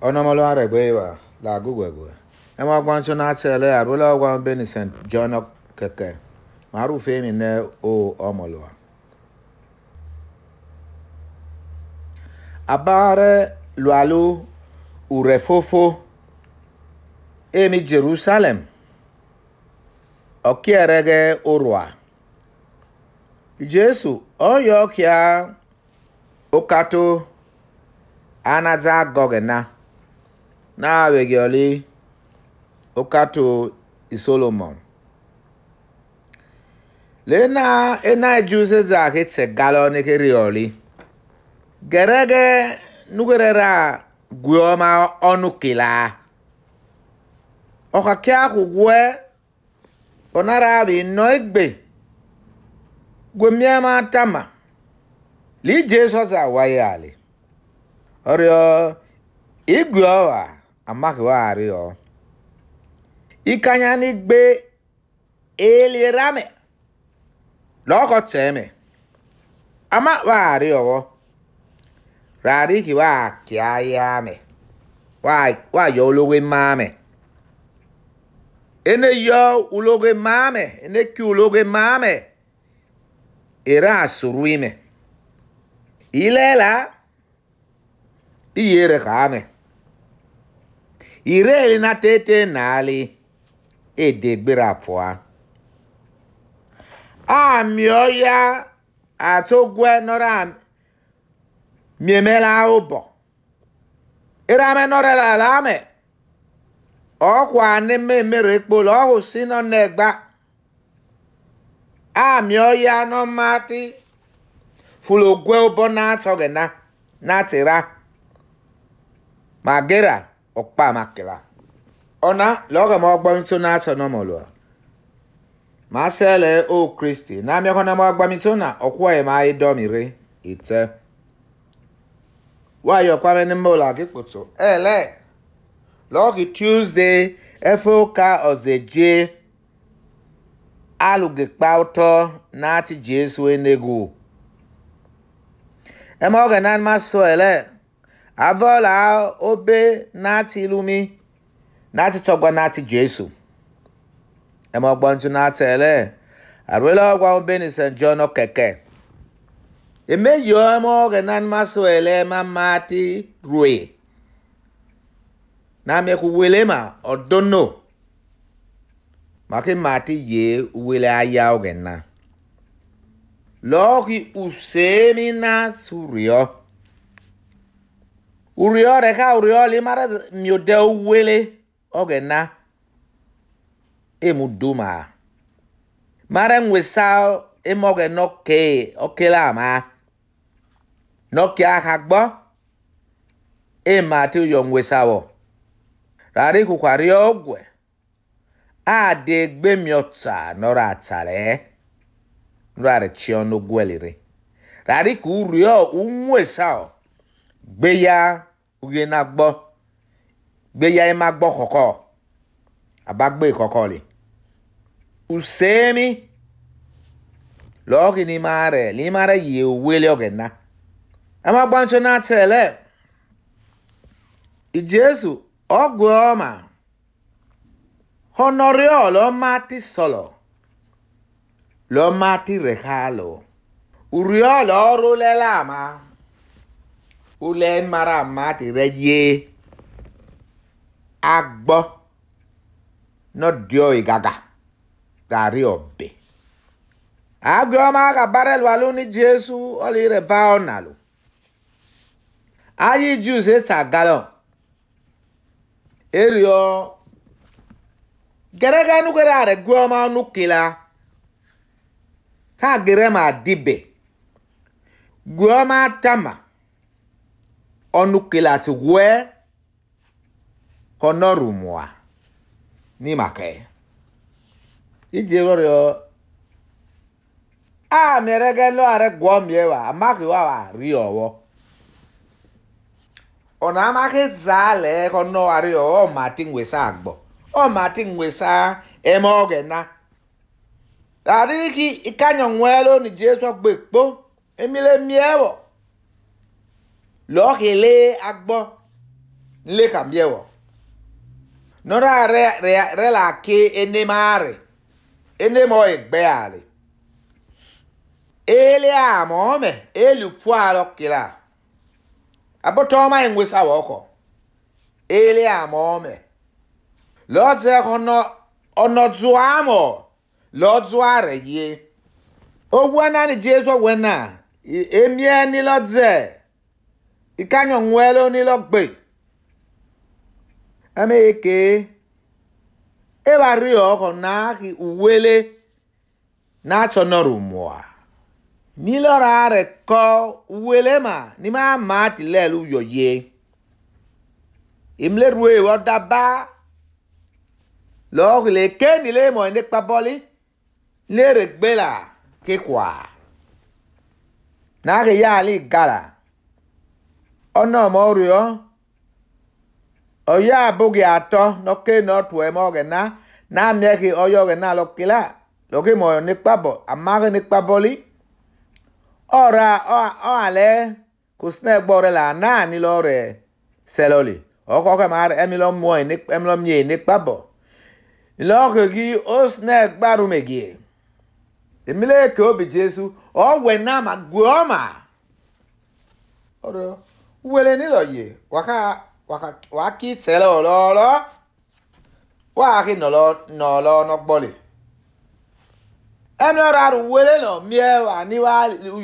onomolware bwewa la gugwegwe emwagwancho natsele arula ogwan beni st john okeke maarufu emine o omolwa abare lwalu urefofo emi jerusalem okierege urwa jesu oyokia okato anaza gogena na-aweghịrị ọkatọ Solomon. lena enajuziza e khetsegala nekerioli gerege nugerera guoma onukila okhakiakhugwe onara bino egbe gwemiama tama lijesoza wayale igwe igweowa amakiwari o ikanyani gbe elirame lọkọ tẹmẹ amakiwari ọwọ rariki wa kiayame wa yọ ológun maame ene yọ ológun maame ene ki ológun maame era asurime ilẹ̀ la iyere kaame. ireli na tete nali edegberapoa amioya atogwe nora miemela ụbọ irame nọrela ala ame ọkwa nememere ekpolo ọhụ si nọ n'egba amioya nọmati fulogwe ụbọ na atọghị na natịra magera okupamagela ona loge mogbamitso natso nomolwa masele o kristi namiakhona mogbamitso na ma okuwaye mayidomire itse wayo kwamene mmola kikutso ele logi tuesday efe ka ozeje alụgekpa ụtọ na ati jesu enegwu ema oge na mmasị ele Avola obe nati lumi nati tọgwa nati Jesu ẹmọ gbọntu nati ẹlẹ arwela ọgwa obe ni St John kẹkẹ emeyi ọmọ genan maso ẹlẹ mama ti rue na meku wele ma ọdono maki mati ye wele aya ogena lọọki usemi na suriọ. uriọ ɖeka uriɔ li mara ɖe o de oge na emu mara ma ma ɖe ŋue sa emɔ ge nɔ ma nɔ aha gbo ema te yɔ rari kukua riɔ ogwe ade gbe miɔ tsa atare atsa lɛ nɔrɔ are tsiɔ no gweli re rari ku riɔ ŋue sa wɔ oge na gbọ gbe ya e ma agbọ kọkọ ụgbọ eluigwe ụgbọ eluigwe ụse mi lọọ gị n'ị maara ya eweli oge nda. ama gbansoro na-atụ ijesu ọ gwọọ ọnọdụ ọ lọ matịrị sọlọ lọ matịrị kwa alọ ụrị ọ lọ rụọ ama. ule mara ama tere ye agbọ n'ọdịọ igaga gari ọbẹ agụọma ka barelu alu ni jesu ọli reva ọnalu ayi jus eta galọ erio gẹrẹgẹ nukere aregioma nukila ka gere ma dibe guoma tama. onukilat wee honorumua n'imake iji rọrịọ a mere gị nụgharị gwọọ mie wa amaghị wa wa ri ọwọ ọ na-amaghị zaa lee ka nụgharị ọwọ mati nwesa agbọ ọ mati nwesa eme oge na adịghị ikanyọ nwere onu jesu gbekpo emile mie wọ lɔɔkele agbɔ nle kambiɛ wɔ nɔra rɛ rɛ rɛ la ke enemaare enemɔ egbɛale ele amɔɔmɛ elu kua lɔkela abotɔɔma enwesa wɔkɔ ele amɔɔmɛ lɔɔdze kɔnɔ ɔnɔdzoamɔ lɔɔdzoare yie owó anani jesu wɛna emie ni lɔdze ikanyɔ ŋu ɛlɛ wo ni lɔ gbe ɛmɛ yi ke eba ri yɔ kɔ na ki wele na tsɔ nɔri mɔa milɔra rɛ kɔ wele ma ni ma ma ti lɛ lu yɔ ye emle ru ye wɔ daba lɔ le ke ni le mɔ ne kpa bɔli le re gbe la ke kɔa na ke ya onomorio oya abụghị atọ n'oke na n'otu eme ọghena na-amịaghị na-amịa oya ọghena lokila loke moyo n'ikpabọ amaghị n'ikpabọli ọra na kusnegbore la naanị lọre seloli ọkọkọ mara e e emilomie n'ikpabọ lọkụ gị na osnegbarumegie emile ka obi jesu ọwe na ma gwuo ma ọrụ wele nilo ye waka waka waki tsɛlɛ ɔlɔlɔ waki nolo nolo nɔgbɔli ɛnu ɔlɔ aɖu wele nɔ miɛ wa ni wa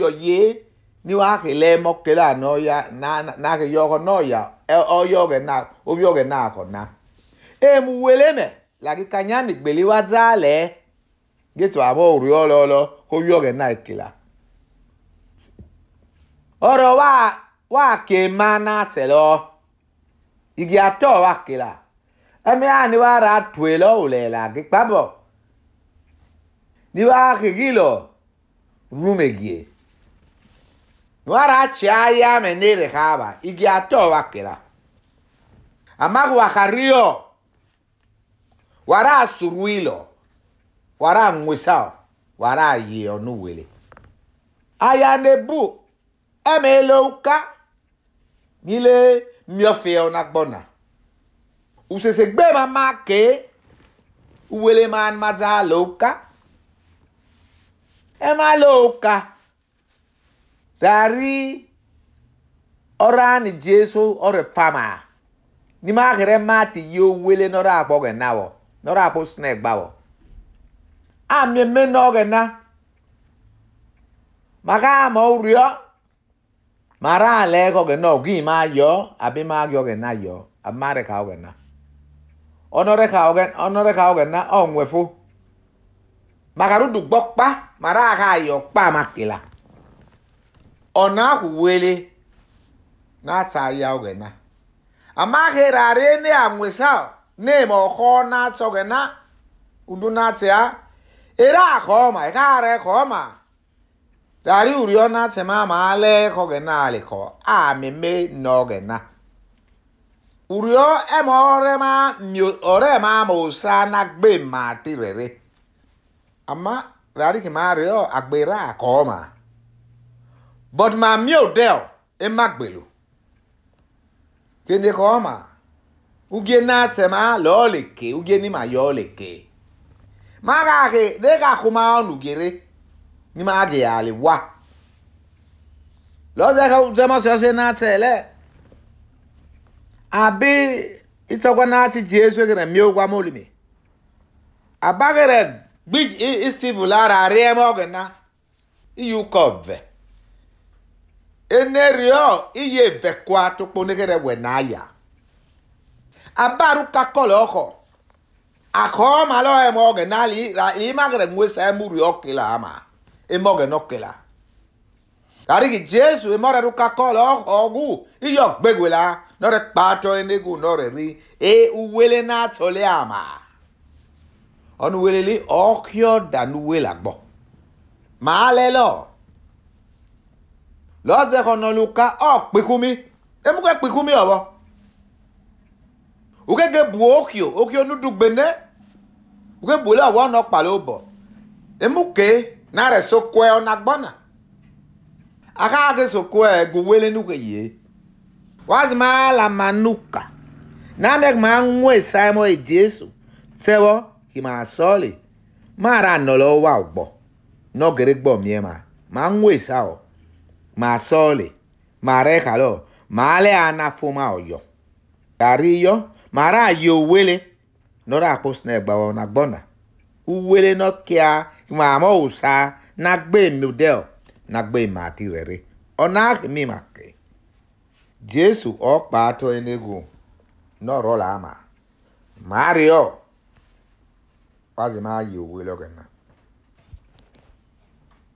yɔ ye ni wa ke lɛ mɔkele anɔ ya na na ke yɔ kɔ nɔ ya ɛ e, na oyɔ kɛ na kɔ na emu wele mɛ laki kanya ni gbeli wa dza lɛ geto abɔ ori ɔlɔlɔ ko yɔ na ekela ɔlɔ wa wake ma na selɔ igi atɔ wake la ɛmɛ ya ni wa ra toe lɔ wòle la gikpa bɔ ni wa xexi lɔ rume gie ni me ne ɖeka ba igi atɔ wake la amago wakari yɔ wara suruilo, wara ŋusa wara yeyɔ nu wele ayanebu ɛmɛ lɛ ka nyile miɔfeɛ na gbɔna usese gbe ma ma ke uwele ma ma za le oka ema le oka dari ɔra ni jesu ɔre pama ni ma ɣerɛ ma ti yi owele nɔra akpɔ gɛna wɔ nɔra akpɔ snɛ gba wɔ ami me nɔ gɛna maka ama wo mara le ko ge no gi ma yo abi ma yo ge na yo amare ka ge na onore ka ge onore ka ge na onwe fu makarudu pa mara ka yo pa makila ona kuwele na ta ya ge na amaghere are ne anwesa ne ma ko na to ge na undu na ta era ka o ma ka are ka o ma dari uriọ na tema ma ale ko ge na ale a me me no ge na uriọ e ma ore ma ore ma mo sa na gbe ma ti rere ama dari ki ma o agbera ko but ma mi o de e ma kende ko ma na tema lo le ni ma yo le ke ma ga ke de ga kuma onu gere ni mage aliwa lozeka udzema sose natsele abi itokwa natsi jesu ekere mio kwa molimi abagere gbig istivu lara ariema ogena iyukove enerio iye vekwa tukpo nekere wenaya abaru kakole oko akoma lo emo ogena li imagere ngwesa emuru okila ama emɔge nɔkela kariki jesu emɔre ɖo kakɔ le ɔgu iyɔ gbegbe la nɔre kpatɔ enego nɔre ri e uwele na tɔle ama ɔnuwele li ɔkiɔ danuwe la gbɔ maa lɛ lɔ lɔzɛ xɔnɔlu ka ɔkpekumi emu ke kpekumi ɔbɔ wokeke okio okio nuɖugbe ne woke bu le ɔwɔ nɔ kpa le na re sokoe ona gbona aka ge sokoe go wele nu ke ye waz ma la manuka na me ma nwe saimo e jesu tewo ki ma sole ma ra no lo wa ogbo no gere gbo mi ma ma nwe sa o ma sole ma re ka lo ma le ana fo ma oyo dari yo ma ra yo wele no ra ko uwere nokia ma ama usa na gbe model na gbe ma ti rere ona mi ma ke jesu ọkpa atọ enegu n'ọrọ la ama mario kwazi ma yi owe lọgana